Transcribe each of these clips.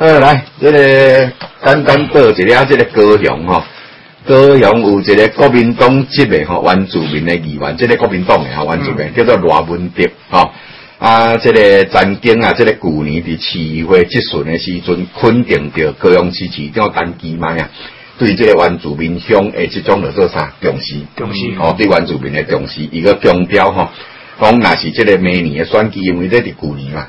好來，這個簡單報一下、啊、這個高雄吼、哦，高雄有一個國民黨籍的吼、哦，原住民的議員，這個國民黨嘅哈原住民、嗯、叫做羅文迪哈、哦、啊，這個曾經啊，這個舊年佇的市會質詢嘅時陣，肯定着高雄市市長陳其邁嘛啊，對這個原住民鄉誒，這種叫做啥重視重視，哦，對原住民嘅重視一個強調吼，講若、哦、是這個明年嘅選舉，因為這是舊年嘛。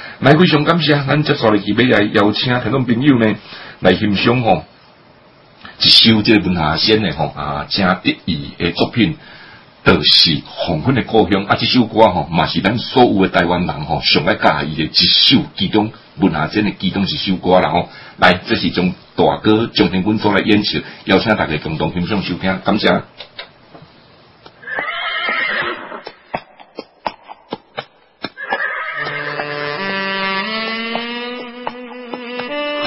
來非常感謝啊！咁即係坐嚟記俾請聽眾朋友呢嚟獻一首即係文夏先嘅哦，啊，請得意的作品，都、就是黃昏嘅故鄉，啊，這首歌哦，嘛是咱所有的台灣人哦，上愛介意嘅一首，其中文夏先嘅，其中一首歌啦，即、哦、是從大哥蔣經文坐來演出，邀請大家共同欣賞收聽，感謝。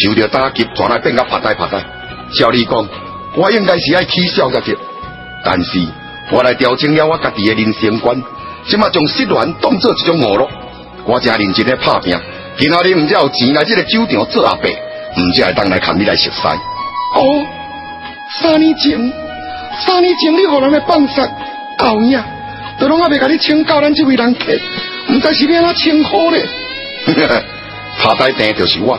受到打擊，轉來變個拍戴拍戴。照你講，我應該是愛取笑才對，但是我來調整了我家己的人生觀，即嘛將失戀當做一種娛樂。我家認真來拍拼，今仔日你唔知有錢來這個酒店做阿伯，唔知要當來看你來熟似。哦，三年前，三年前你予人來放肆搞樣，都攏猶未跟你請教咱這位人客，唔知是安怎稱呼咧。怕戴戴就是我。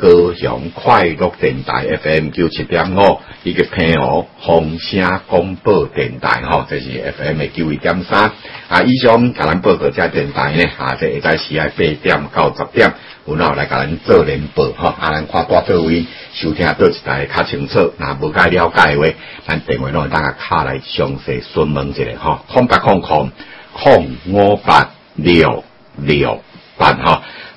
高雄快樂電台 FM 九七點五，一個平和鳳聲廣播電台，吼，就是 FM 九一點三。啊，以上甲咱報告這電台呢，下晝一早時喺八點到十點，我哋來甲咱做聯播，吼？啊，咱、啊、看多這位收聽倒一台較清楚。若無較了解的話，咱電話攏會大家敲來詳細詢問一下，吼、啊。空白空空空五八六六八，嗬、啊。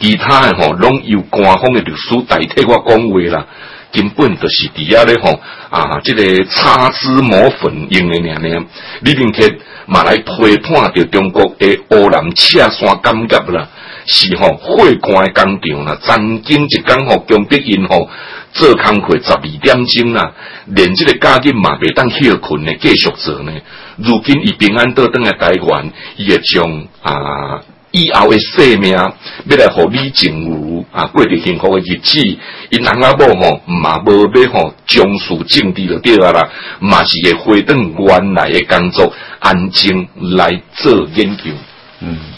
其他的吼、哦、攏由官方嘅律師代替我講話啦，根本就是佇遐咧吼啊，即、這個擦脂抹粉用嘅連連，李炳克嘛來批判着中國嘅烏蘭恰山感覺啦，是吼血汗嘅工廠啦，曾經一工吼強逼因吼做工課十二點鐘啦，連即個家境嘛袂當歇困嘅繼續做呢。如今伊平安倒轉來台灣，伊會將啊。以後嘅生命，要來互你情有啊，過着幸福嘅日子。因人啊某嘛，唔嘛無要吼，從事政治就對啊啦，嘛是會回轉原來嘅工作，安靜來做研究。嗯。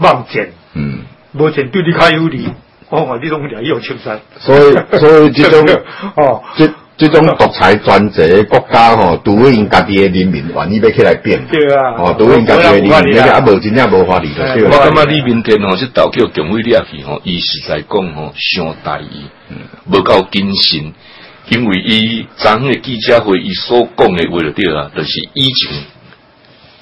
冇嗯，冇錢對你較有利，我、哦、話你都係一樣笑晒。所以所以即種呵呵哦，即即種獨裁專制國家哦，獨營家己誒人民，願意欲起來變。對啊，哦，獨營家己誒人民，一無、啊、真正冇法理。對就是、我感覺你明天吼，即導叫姜偉也去吼，伊實在講吼，傷大意，無夠謹慎，因為伊昨昏誒記者會，伊所講誒話對啊，就是以前。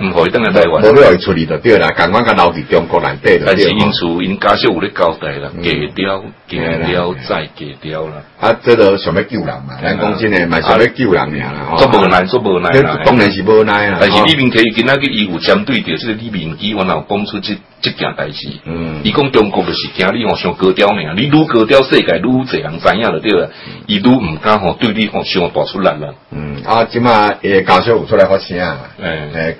毋互伊等佢、喔、台灣，我互伊出嚟著對啦。剛剛甲老佇中國內底，但是因事因家屬有咧交代啦，低調低調再低調啦。啊，即、啊、度想咩救人嘛？啊、人講真誒，咪想咩救人命啦？無難都無難。當然是無難啊。但是呢邊佢跟仔，伊有針對着，即係呢邊基原來有講出即即件代志。嗯，伊講中國著是驚你吼上高調命，你愈高調世界，愈濟人知影著對啦。伊愈毋敢吼，對你吼上大出力啦。嗯，啊，即啊？誒，家屬有出來發聲啊。誒、嗯、誒。